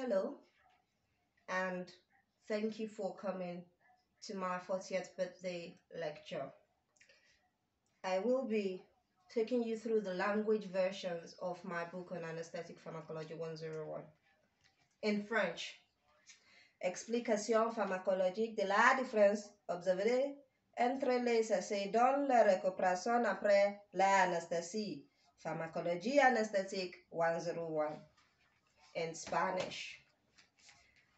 hello and thank you for coming to my 40th birthday lecture. I will be taking you through the language versions of my book on anesthetic pharmacology 101. In French, Explication pharmacologique de la différence observée entre les essais dans la récupération après l'anesthésie, pharmacologie anesthétique 101. en Spanish.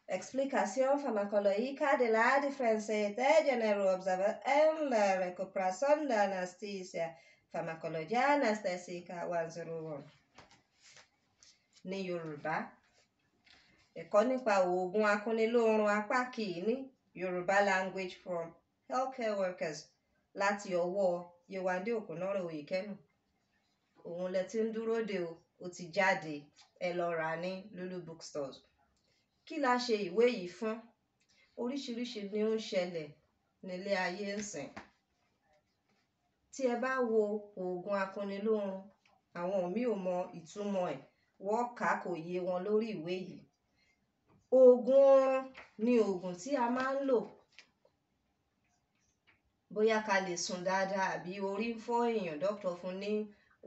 Explicación farmacológica de la diferencia de género observada en la recuperación de anestesia. Farmacología anestésica 101. Ní Yorùbá, ẹ̀kọ́ ogun oògùn akúnilóorun apá kìíní language from healthcare workers lati ọwọ́ Yewande Okunoro Oyekenu. Òun lẹ ti ń dúró de o, ti jáde. ẹ lọ rà ní lulu bookstores kí la ṣe ìwé yìí fún oríṣiríṣi ni ó ń ṣẹlẹ̀ nílé ayé ńsìn tí ẹ bá wo oògùn akuniláàrùn àwọn mi ò mọ ìtumọ̀ ẹ̀ wọ́n kà á kò yé wọn lórí ìwé yìí oògùn oorun ni oògùn tí a máa ń lò bóyá ká lè sùn dáadáa àbí orí ń fọ́ èèyàn dókítà fún ní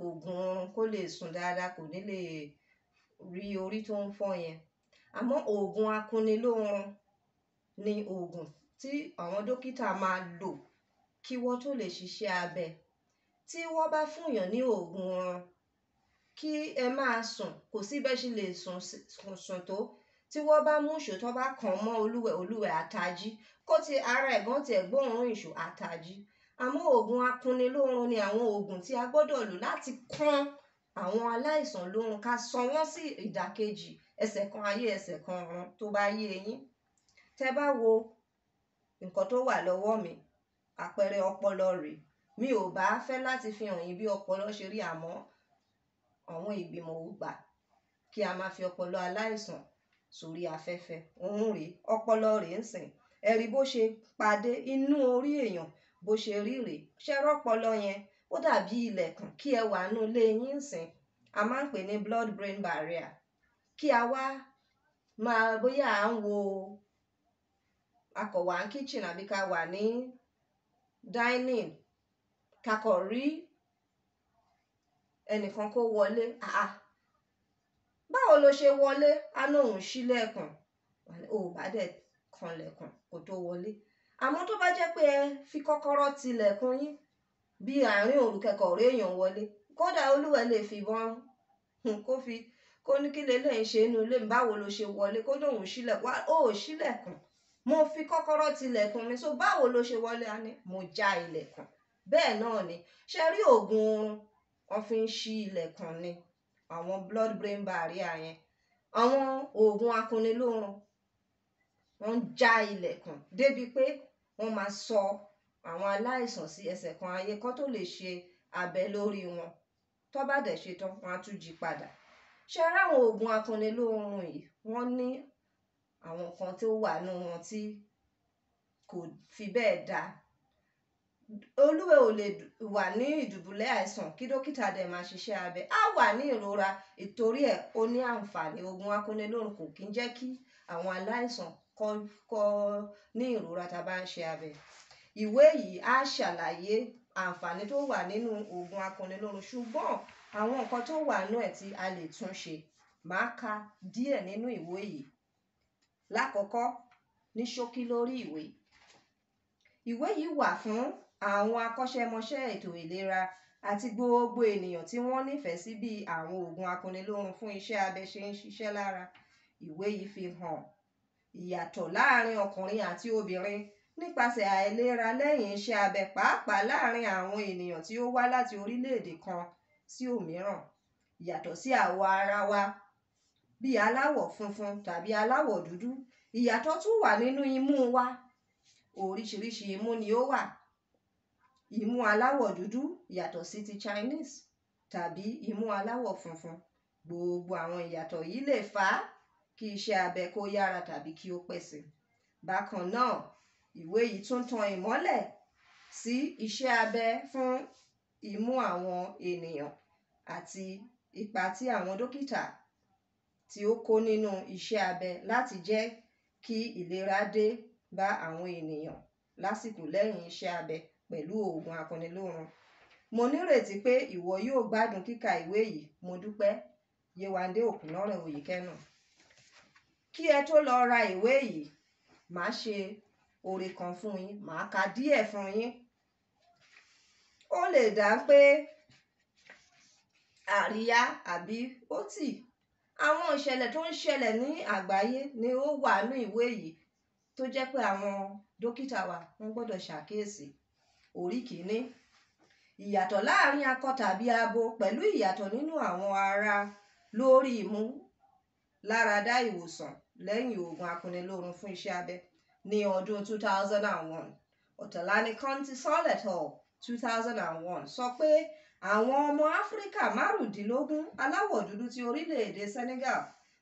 oògùn oorun kó lè sùn dáadáa kò ní lè rí orí tó ń fọ́ yẹn àmọ́ oògùn akuniláarun ni oògùn tí àwọn dókítà máa lò kí wọ́n tó lè ṣiṣẹ́ abẹ tí wọ́n bá fúnyàn ní oògùn oorun kí ẹ máa sùn kò sí bẹ́ẹ̀ ṣe lè sùn sùn tó tí wọ́n bá mú ìṣó bá kàn mọ́ olúwẹ̀ olúwẹ̀ àtàjí kó ti ara ẹ̀gbọ́n tiẹ̀ gbóòórùn ìṣó àtàjí àmọ́ oògùn akuniláarun ni àwọn oògùn tí a gbọ́dọ̀ lò láti kún àwọn aláìsàn lóhun ká sọ wọ́n sí ìdàkejì ẹsẹ̀ kan ayé ẹsẹ̀ kan ọ̀run tó bá yé yín tẹ́ bá wo nǹkan tó wà lọ́wọ́ mi àpẹẹrẹ ọpọlọ rèé mi ò bá fẹ́ láti fi hàn yín bí ọpọlọ ṣe rí àmọ́ àwọn ìgbìmọ̀ ò gbà kí a máa fi ọpọlọ aláìsàn sórí afẹ́fẹ́ òun rèé ọpọlọ rèé ń sìn ẹ̀rí bó ṣe pàdé inú orí èèyàn bó ṣe rí rèé ṣẹ́rọ́pọlọ yẹn ó dàbí ilẹ̀kùn kí ẹ wà nú ilé yín sìn a máa ń pè ní blood brain barrier kí a wá máa bóyá à ń wo akọ̀wà kitchen àbí ká wà ní dining kakọ̀ rí ẹnìkan kó wọlé àá báwo lo ṣe wọlé a lóun ṣílẹ̀kùn ò bá dẹ̀ kanlẹ̀kùn kó tó wọlé àmọ́ tó bá jẹ́ pé ẹ fi kọ́kọ́rọ́ tilẹ̀kùn yín bí àárín òru kẹkọ̀ọ́ rí èèyàn wọlé kódà olúwa lè fi ìbọn kó fi kó ní kí lélẹ́yìn ṣe inú ilé mi báwo ló ṣe wọlé kó lóun sílẹ̀ wá ó sílẹ̀kùn mo fi kọ́kọ́rọ́ tilẹ̀kùn mi so báwo ló ṣe wọlé á ní mo já ilẹ̀kùn bẹ́ẹ̀ náà ni ṣe rí oògùn oorun wọ́n fi ń ṣí ilẹ̀kùn ni àwọn blood brain barrier yẹn àwọn oògùn akunnilórun wọ́n já ilẹ̀kùn débi pé wọ́n máa sọ àwọn aláìsàn sí ẹsẹ̀ kan ayé kan tó lè ṣe abẹ lórí wọn tó bá dẹ̀ ṣe tán wọn á tún jí padà ṣe ara àwọn oògùn akannilóorun yìí wọ́n ní àwọn kan tó wà nínú wọn tí kò fi bẹ́ẹ̀ dáa olúwe ò lè wà ní ìdùbúlẹ̀ àìsàn kí dókítà dẹ̀ máa ṣiṣẹ́ abẹ á wà ní ìrora ìtorí ẹ̀ ó ní àǹfààní oògùn akónilórun kò kí ń jẹ́ kí àwọn aláìsàn kọ́ ní ìrora tá a bá ń ṣe abẹ ìwé yìí á ṣàlàyé àǹfààní tó wà nínú oògùn akannilórun ṣùgbọ́n àwọn nǹkan tó wà nínú ẹ̀ tí a lè tún ṣe màá ka díẹ̀ nínú ìwé yìí lákọ̀ọ́kọ́ ní ṣókí lórí ìwé ìwé yìí wà fún àwọn akọ́ṣẹ́mọṣẹ́ ètò ìlera àti gbogbo ènìyàn tí wọ́n nífẹ̀ẹ́ sí bí àwọn oògùn akannilórun fún iṣẹ́ abẹ ṣe ń ṣiṣẹ́ lára ìwé yìí fi hàn ìyàtọ̀ láàrin ọkùnrin àti obìnrin nípasẹ̀ àìlera lẹ́yìn iṣẹ́ abẹ pàápàá láàárín àwọn ènìyàn tí ó wá láti orílẹ̀-èdè kan sí òmíràn yàtọ̀ sí àwọ̀ ara wa bíi aláwọ̀ funfun tàbí aláwọ̀ dúdú ìyàtọ̀ tún wà nínú imú wa oríṣiríṣi imú ni ó wà imú aláwọ̀ dúdú yàtọ̀ sí ti Chinese tàbí imú aláwọ̀ funfun gbogbo àwọn ìyàtọ̀ yìí lè fà á kí iṣẹ́ abẹ kó yára tàbí kí ó pẹ́ bákan náà ìwé yìí tún tan ìmọ́lẹ̀ sí iṣẹ́ abẹ fún imú àwọn ènìyàn àti ipa tí àwọn dókítà tí ó kó nínú iṣẹ́ abẹ láti jẹ́ kí ìlera dé bá àwọn ènìyàn lásìkò lẹ́yìn iṣẹ́ abẹ pẹ̀lú oògùn akuniláàrùn mo nírètí pé ìwọ yóò gbádùn kíka ìwé yìí mo dúpẹ́ Yéwándé Òkúnọ́rẹ̀ Oyèkẹ́mi kí ẹ tó lọ ra ìwé yìí má ṣe oore kan fún yín màá ka díẹ̀ fún yín ó lè dá pé àríyá àbí ó tì àwọn ìṣẹ̀lẹ̀ tó ń ṣẹlẹ̀ ní àgbáyé ni ó wà ní ìwé yìí tó jẹ́ pé àwọn dókítà wa wọ́n gbọ́dọ̀ ṣàkíyèsí orí kìíní ìyàtọ̀ láàrin akọ tàbí abo pẹ̀lú ìyàtọ̀ nínú àwọn ara lórí ìmú láradá ìwòsàn lẹ́yìn oògùn akuniloorun fún iṣẹ́ abẹ ní ọdún 2001 ọ̀tọ̀lani kọ́ńtì sọ́lẹ̀tọ̀ 2001 sọ pé àwọn ọmọ áfíríkà márùndínlógún aláwọ̀ dúdú ti orílẹ̀-èdè Senegal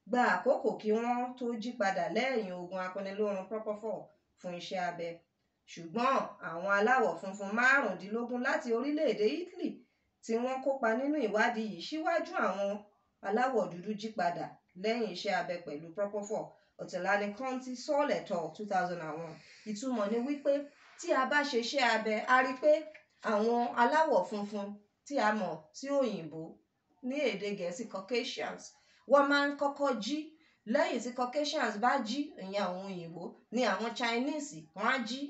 gba àkókò kí wọ́n tó jí padà lẹ́yìn ogun apenilórun pọ́pọ́fọ́ fún iṣẹ́ abẹ ṣùgbọ́n àwọn aláwọ̀ funfun márùndínlógún láti orílẹ̀-èdè Italy tí wọ́n kópa nínú ìwádìí yìí síwájú àwọn aláwọ̀ dúdú jí padà lẹ́yìn iṣẹ́ abẹ pẹ̀lú pọ́pọ́fọ́ Ọ̀tẹ̀làní Kọ́ńtì Saul et al. 2001 ìtumọ̀ ni wípé tí a bá ṣe iṣẹ́ abẹ a rí pé àwọn aláwọ̀ funfun tí a mọ̀ sí òyìnbó ní èdè gẹ̀ẹ́sì Caucasians wọ́n máa ń kọ́kọ́ jí lẹ́yìn tí Caucasians bá jí ìyẹn àwọn òyìnbó ni àwọn Chinese wọ́n á jí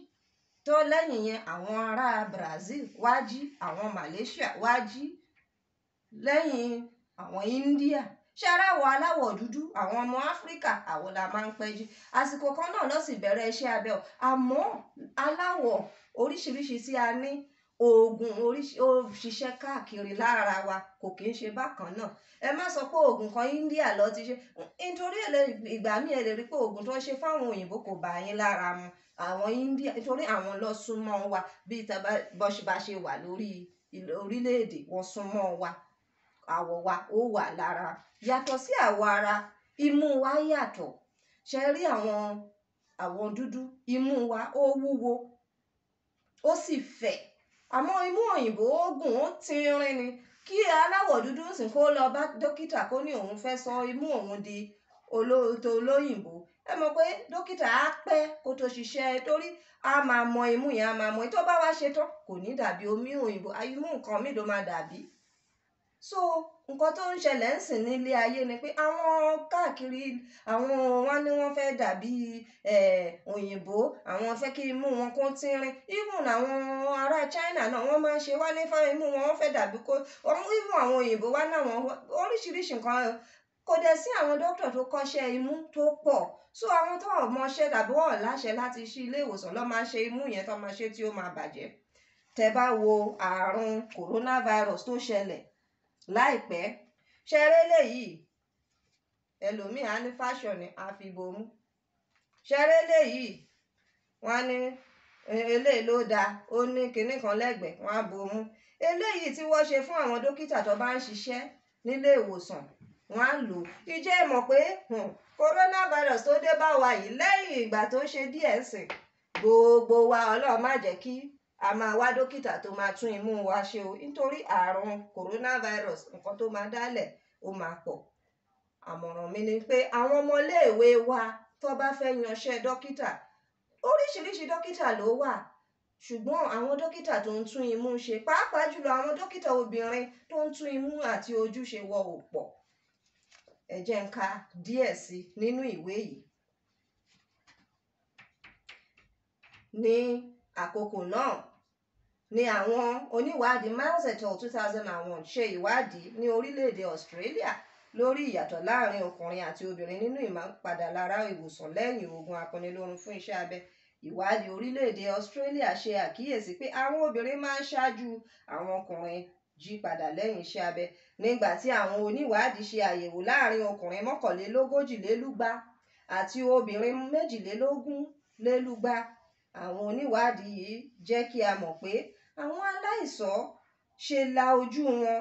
tó lẹ́yìn yẹn àwọn ará Brazil wá jí àwọn Malaysia wá jí lẹ́yìn àwọn India ṣé aráwọ̀ aláwọ̀ dúdú àwọn ọmọ áfíríkà àwọn la máa ń pẹ́ jí àsìkò kan náà ló sì bẹ̀rẹ̀ iṣẹ́ abẹ o àmọ́ aláwọ̀ oríṣiríṣi tí a ní oògùn òṣìṣẹ́ káàkiri lára wa kò kí ń ṣe bákan náà ẹ má sọ pé oògùn kan India ló ti ṣe nítorí ìgbà míì ẹ lè rí pé oògùn tó ń ṣe fáwọn òyìnbó kò bá yín lára mu àwọn India nítorí àwọn lọ súnmọ́ wa bíi bọ́ṣibáṣe wà lórí orílẹ̀ wọn súnmọ́ wa àwọ̀ wa ó wà lára yàtọ̀ sí àwọ̀ ara imú wa yàtọ̀ ṣe rí àwọn àwọn dúdú imú wa ó wúwo ó sì fẹ̀ àmọ́ imú òyìnbó ó gùn ó tínrín ni kí aláwọ̀ dúdú sì kó lọ bá dókítà kó ní òun fẹ́ sọ imú òun di olóòótọ́ olóyìnbó ẹ mọ̀ pé dókítà á pẹ́ kó tó ṣiṣẹ́ torí a máa mọ imú yẹn a máa mọ ìtọ́ bá wá ṣe tán kò ní dàbí omi òyìnbó imú nǹkan mi ló máa dàbí so nǹkan tó ń ṣẹlẹ̀ ń sìn nílé ayé ni pé àwọn káàkiri àwọn wọn ní wọ́n fẹ́ dàbí òyìnbó àwọn fẹ́ kí imú wọn kó tínrín even àwọn ará China náà wọ́n máa ń ṣe wálé fáwọn imú wọn wọ́n fẹ́ dàbí kó even àwọn òyìnbó wá náà wọ́n oríṣiríṣi nǹkan kò dẹ̀ sí àwọn dókítà tó kọ́ṣẹ́ imú tó pọ̀ so àwọn tó ọmọṣẹ́ tàbí wọ́n láṣẹ láti ṣí ilé ìwòsàn lọ́ máa ṣe imú yẹn tó máa ṣe tí ó máa bàjẹ́ tẹ́ bá wo ààrùn coronavirus tó ṣẹlẹ̀ láìpẹ́ ṣeré léyìí ẹlòmíì á ní fashion ni á fi bomú ṣeré léyìí wọ́n á ní e, eléyìí ló dáa ó ní kinní kan lẹ́gbẹ̀ẹ́ wọ́n á bomú eléyìí tí wọ́n ṣe fún àwọn dókítà tó bá ń ṣiṣẹ́ nílé ìwòsàn wọ́n á lò ìjẹ́ ẹ mọ̀ pé coronavirus tó dé bá wa yìí lẹ́yìn ìgbà tó ṣe díẹ̀ sìn gbogbo wa ọlọ́run má jẹ́ kí a máa wá dókítà tó máa tún imú wa ṣe o nítorí àrùn coronavirus nǹkan tó máa dálẹ̀ ó máa pọ̀ àmọ̀ràn mi ni pé àwọn ọmọléèwé wa tó bá fẹ́ yanṣẹ́ dókítà oríṣiríṣi dókítà ló wà ṣùgbọ́n àwọn dókítà tó ń tún imú ṣe pàápàá jùlọ àwọn dókítà obìnrin tó ń tún imú àti ojú ṣe wọ ò pọ̀ ẹ jẹ́ n ka díẹ̀ sí nínú ìwé yìí ní àkókò náà ni àwọn oníwádìí milesetol two thousand and one ṣe ìwádìí ní orílẹ̀-èdè Australia lórí ìyàtọ̀ láàrin ọkùnrin àti obìnrin nínú ìmápadà lára ìwòsàn lẹ́yìn oògùn apanilórun fún iṣẹ́ abẹ ìwádìí orílẹ̀-èdè Australia ṣe àkíyèsí pé àwọn obìnrin máa ń ṣáájú àwọn ọkùnrin jí padà lẹ́yìn iṣẹ́ abẹ nígbà tí àwọn oníwádìí ṣe àyẹ̀wò láàrin ọkùnrin mọ́kànlélógójìlélúgba àti obìnrin méjìlélógún lélúgba àwọn oníwádìí yìí jẹ́ kí a mọ̀ pé àwọn aláìsàn ṣe la ojú wọn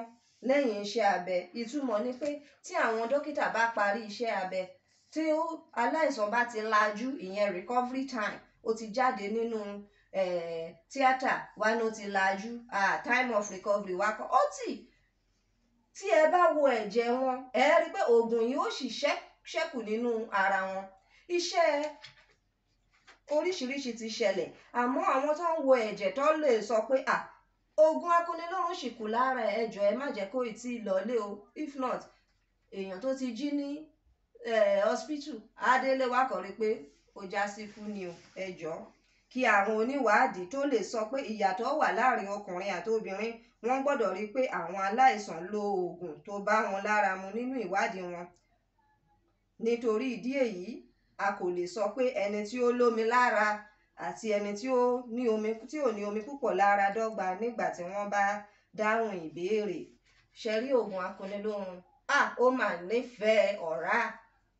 lẹ́yìn iṣẹ́ abẹ ìtumọ̀ ni pé tí àwọn dókítà bá parí iṣẹ́ abẹ tí aláìsàn bá ti lajú ìyẹn recovery time ó ti jáde nínú tíátà wa ni ó ti lajú time of recovery wa kan ó tì tí ẹ bá wo ẹ̀jẹ̀ wọn ẹ rí i pé oògùn yìí ó sì ṣẹ́kù nínú ara wọn iṣẹ́ oríṣiríṣi ti ṣẹlẹ̀ àmọ́ àwọn tó ń wo ẹ̀jẹ̀ tó lè sọ pé à oògùn akúnilọ́rùn sì kù lára ẹ̀jọ̀ ẹ má jẹ́ kó ì tí ì lọ́lé o if not èèyàn tó ti jí ní hospital adélé wa kàn rí pé ó já sí fún ni o ẹ̀jọ̀ kí àwọn oníwàádìí tó lè sọ pé ìyàtọ̀ wà láàrin ọkùnrin àti obìnrin wọ́n gbọ́dọ̀ rí pé àwọn aláìsàn lo oògùn tó bá wọn lára mu nínú ìwádìí wọn nítorí ìdí èyí a kò lè sọ pé ẹni tí ó lómi lára àti ẹni tí ó ní omi tí ò ní omi púpọ̀ lára dọ́gba nígbà tí wọ́n bá dáhùn ìbéèrè ṣẹ̀rí oògùn akuniloorun ah ó mà nífẹ̀ẹ́ ọ̀rá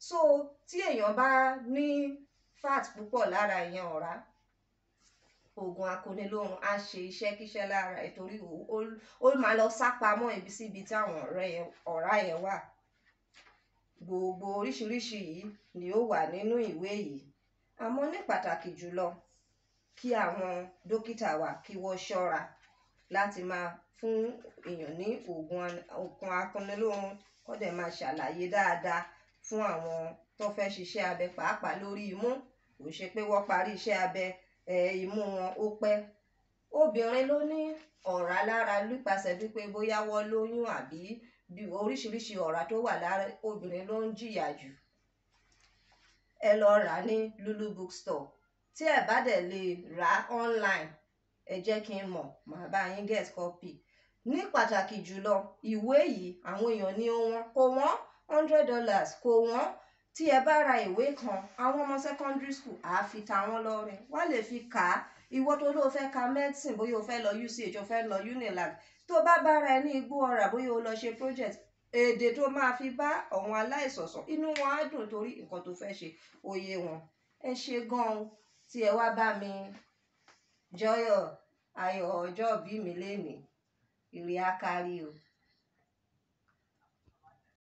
so tí èèyàn bá ní fat púpọ̀ lára ìyẹn ọ̀rá oògùn akuniloorun á ṣe iṣẹ́kíṣẹ́ lára ẹ̀ torí ó máa lọ sápamọ́ ibi síbi táwọn ọ̀rá yẹn wà gbogbo oríṣiríṣi yìí ni ó wà nínú ìwé yìí àmọ́ ní pàtàkì jùlọ kí àwọn dókítà wa kí wọ́n ṣọ́ra láti máa fún èèyàn ní oògùn oògùn akuniloorun kó dẹ̀ máa ṣàlàyé dáadáa fún àwọn tó fẹ́ ṣiṣẹ́ abẹ pàápàá lórí imú kò ṣe pé wọ́n parí iṣẹ́ abẹ imú wọn ó pẹ́ obìnrin ló ní ọ̀rá lára nípasẹ̀ wípé bóyá wọ́n lóyún àbí oríṣiríṣi ọ̀rá tó wà lára obìnrin ló ń jìyà jù ẹ lọ rà ní lulu bookstore tí ẹ bá dẹ̀ lè rà online ẹ jẹ́ kí n mọ̀ màá bá yín get copy ní pàtàkì jùlọ ìwé yìí àwọn èèyàn ní wọ́n kò wọ́n hundred dollars kò wọ́n tí ẹ bá ra ìwé kan àwọn ọmọ secondary school àá fi ta wọ́n lọ́rẹ wọ́n lè fi kà á ìwọ tó ló fẹ́ ka medicine bóyá o fẹ́ lọ UCH o fẹ́ lọ UNILAG tó bá bára ẹ ní igbó ọ̀rà bóyá o lọ ṣe project èdè tó máa fi bá àwọn aláìsọ̀sọ̀ inú wọn á dùn torí nǹkan tó fẹ́ ṣe òye wọn ẹ ṣe gan-an tí ẹ wá bá mi jọyọ̀ ayọ̀ ọjọ́ bí mi lénìí ire á kárí o.